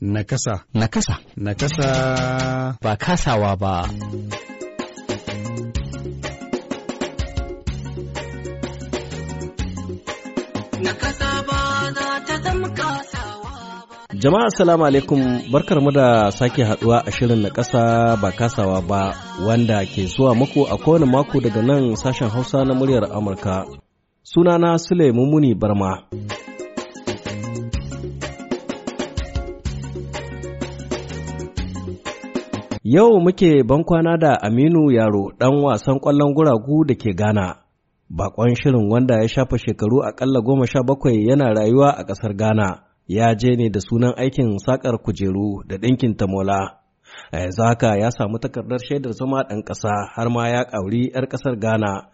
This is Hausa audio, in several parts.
Nakasa. Nakasa. Nakasa. Ba kasawa ba. Nakasa ba Jama'a alaikum barkar mu da sake haɗuwa a shirin na kasa ba kasawa ba wanda ke zuwa muku a kowane mako daga nan sashen Hausa na muryar Amurka. Sunana Sule muni Barma. Yau muke bankwana da Aminu Yaro ɗan wasan ƙwallon guragu da ke Ghana. Bakon shirin wanda ya shafa shekaru aƙalla goma sha bakwai yana rayuwa a ƙasar Ghana ya je ne da sunan aikin saƙar kujeru da ɗinkin tamola. A yanzu haka ya samu takardar shaidar zama ɗan ƙasa har ma ya ƙauri 'yar ƙasar Ghana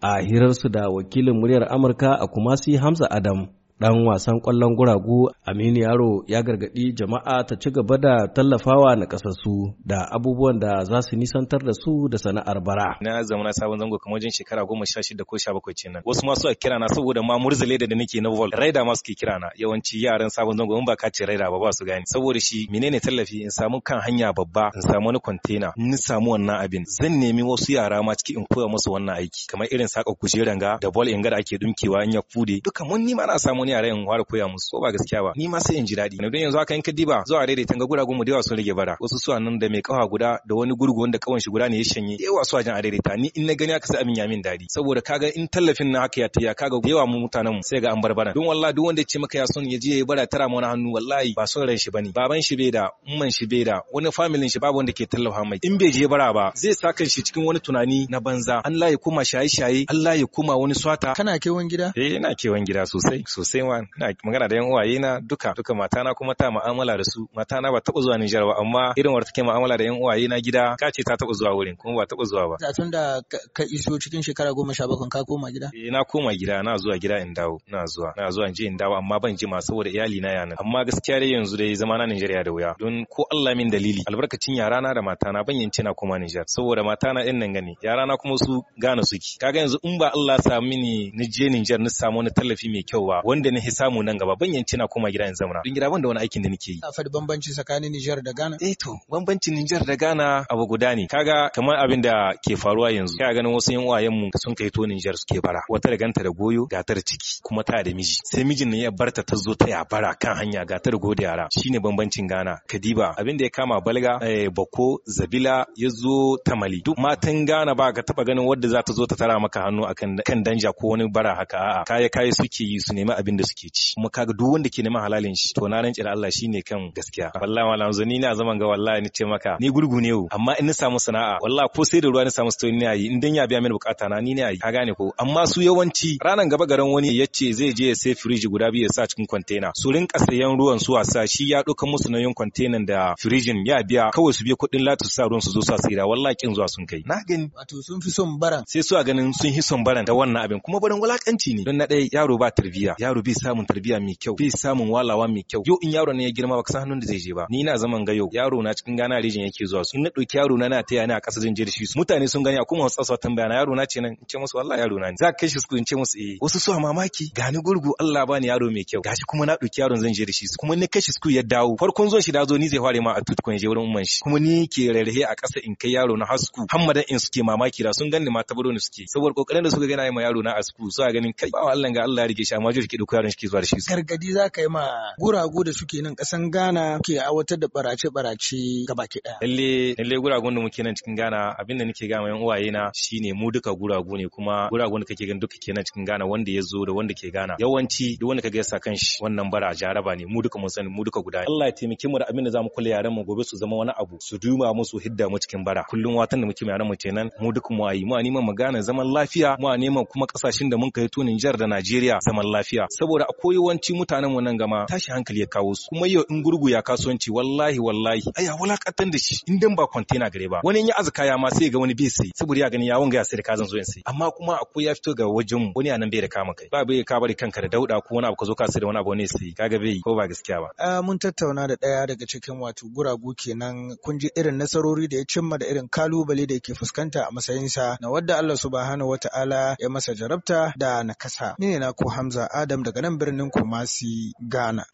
a hirarsu da wakilin muryar Amurka a Kumasi Hamza Adam. Ɗan wasan ƙwallon guragu Aminu Yaro ya gargaɗi jama'a ta ci gaba da tallafawa na ƙasassu da abubuwan da za su nisantar da su da sana'ar bara. Na zama na sabon zango kamar jin shekara goma sha shida ko sha bakwai kenan. Wasu ma suka kira na saboda ma murzale da nake na vol. Raida ma suke kira na yawanci yaran sabon zango in ba ka ce raida ba ba su gane. Saboda shi menene tallafi in samu kan hanya babba in samu wani kwantena in samu wannan abin zan nemi wasu yara ma ciki in koya musu wannan aiki kamar irin saka kujeran ga da bol in ga da ake dumkewa in ya kude. duka mun ni ma na samu wani yaren in ware koya musu ko ba gaskiya ba ni ma sai in ji daɗi na yanzu haka in ka diba zuwa daidaitan tanga guragun mu da yawa sun rage bara wasu su nan da mai kawa guda da wani gurgu wanda kawan shi guda ne ya shanye yawa suwa jan adaidaita ni in na gani aka sa amin yamin daɗi saboda kaga in tallafin na haka ya taya kaga yawa mu mutanen mu sai ga an barbara don wallahi duk wanda ya ce maka ya son ya je ya yi bara tara mana hannu wallahi ba son ran shi bane baban shi bai da umman shi bai da wani familin shi babu wanda ke tallafa mai in bai je bara ba zai sa kan shi cikin wani tunani na banza Allah ya kuma shaye shaye Allah ya kuma wani swata kana kewan gida eh ina kewan gida sosai sosai sai ma ina magana da yan uwaye na duka duka matana kuma ta mu'amala da su matana ba taɓa zuwa Nijar ba amma irin wadda take mu'amala da yan uwaye na gida ka ce ta taɓa zuwa wurin kuma ba taɓa zuwa ba. Tun da ka iso cikin shekara goma sha bakwai ka koma gida? Eh na koma gida na zuwa gida in dawo na zuwa na zuwa in je in dawo amma ban ma saboda iyali na yana amma gaskiya dai yanzu dai zama na Nijeriya da wuya don ko Allah min dalili albarkacin na da matana ban yance na koma Nijar saboda matana ɗin nan gani na kuma su gane suki kaga yanzu in ba Allah sa mini ni je Nijar ni samu wani tallafi mai kyau ba wanda da nake samu nan gaba ban yanci na koma gida in zauna don gida ban wani aikin da nake yi a faɗi bambanci tsakanin Niger da Ghana eh to bambancin Niger da Ghana abu guda ne kaga kamar abin da ke faruwa yanzu kaga ganin wasu yan uwayen mu sun kai to Niger suke bara wata da ganta da goyo gatar ciki kuma ta da miji sai mijin ne ya barta ta zo ta ya bara kan hanya gatar goyo da yara shine bambancin Ghana kadiba abin da ya kama balga eh, bako zabila ya zo tamali duk matan Ghana ba ka taba ganin wadda za ta zo ta tara maka hannu akan kan danja ko wani bara haka a'a kaya kaya suke yi su nemi abin abin da suke ci kuma kaga duk wanda ke neman halalin shi to na rantsi da Allah shine kan gaskiya wallahi malam zo ni na zaman ga wallahi ni ce maka ni gurgu ne amma in na samu sana'a wallahi ko sai da ruwa ni samu sto ni yayi in dan ya biya mini bukata na ni ne yayi ka gane ko amma su yawanci ranan gaba garan wani yace zai je ya sai firiji guda biyu ya sa cikin kwantena su rinka sayan ruwan su a sa shi ya dauka musu nauyin kwantenan da firijin ya biya kawai su biya kudin latu sa ruwan su zo sa sira wallahi kin zuwa sun kai na gani wato sun fi son baran sai su a ganin sun hi son baran da wannan abin kuma baran wulakanci ne don na dai yaro ba tarbiya yaro bi samun tarbiyya mai kyau bi samun walawa mai kyau yau in yaro ne ya girma baka san hannun da zai je ba ni ina zaman ga yau yaro na cikin gana region yake zuwa su in na dauki yaro na na taya ni a kasa zan je da shi su mutane sun gani akuma wasu tsasawa tambaya na yaro na ce nan in ce musu wallahi yaro na ne za ka kai shi su in ce musu eh wasu su mamaki gani gurgu Allah bani yaro mai kyau gashi kuma na dauki yaron zan je da shi kuma ni kai shi su ya dawo farkon zuwan shi da zo ni zai fare ma a tutu kun je wurin umman shi kuma ni ke rarrahe a kasa in kai yaro na hasku hammadan in suke mamaki da sun gani ma tabaro ne suke saboda kokarin da suka gani ma yaro na asku suka ganin kai ba Allah ga Allah ya rike shi amma jiki akwai yaran shi zuwa da shi gargadi za ka yi ma guragu da suke nan kasan Ghana ke awatar da barace barace ga baki ɗaya. lalle lalle guragun da muke nan cikin Ghana abin da nake ga ma yan uwaye na shine mu duka guragu ne kuma guragun da kake gani duka ke nan cikin Ghana wanda ya zo da wanda ke Ghana yawanci duk wanda kaga ya sa kanshi wannan bara jaraba ne mu duka mun sani mu duka guda Allah ya taimake mu da abin da zamu kula yaran mu gobe su zama wani abu su duma musu hidda mu cikin bara kullum watan da muke yaran mu kenan mu duka mu ayi mu a neman mu Ghana zaman lafiya mu a neman kuma kasashen da mun kai tunin Niger da Najeriya zaman lafiya saboda akwai yawanci mutanen mu nan gama tashi hankali ya kawo su kuma yau in gurgu ya kasuwanci wallahi wallahi aya wulakatan da shi in dan ba container gare ba wani in ya azuka ya ma sai ga wani bai sai saboda ya gani ya wanga ya sai da kazan zo in sai amma kuma akwai ya fito ga wajen mu wani anan bai da kama kai ba bai ka bari kanka da dauda ko wani abu ka zo ka sai da wani abu ne sai kaga bai ko ba gaskiya ba a ah, mun tattauna da daya daga cikin wato guragu kenan kun ji irin nasarori da ya cimma da irin kalubale da yake fuskanta a sa na wadda Allah subhanahu wataala ya masa jarabta da nakasa ne na ko Hamza Adam da daga nan birnin Kumasi, Ghana.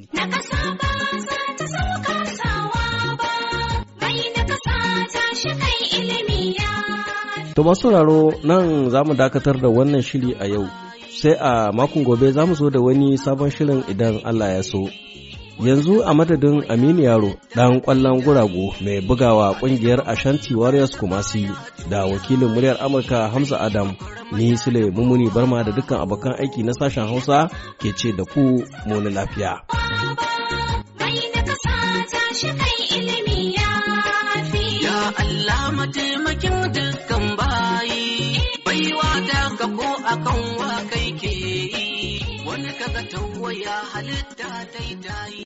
To masu sauraro nan za mu dakatar da wannan shiri a yau, sai a makon gobe za mu zo da wani sabon shirin idan Allah ya so. yanzu a madadin aminu yaro ɗan ƙwallon gurago mai bugawa ƙungiyar ashanti warriors kumasi da wakilin muryar amurka hamza adam ni sule mummuni barma da dukkan abokan aiki na sashen hausa ke ce da ku muni lafiya Wani mataimakin dukkan bayi halitta ta yi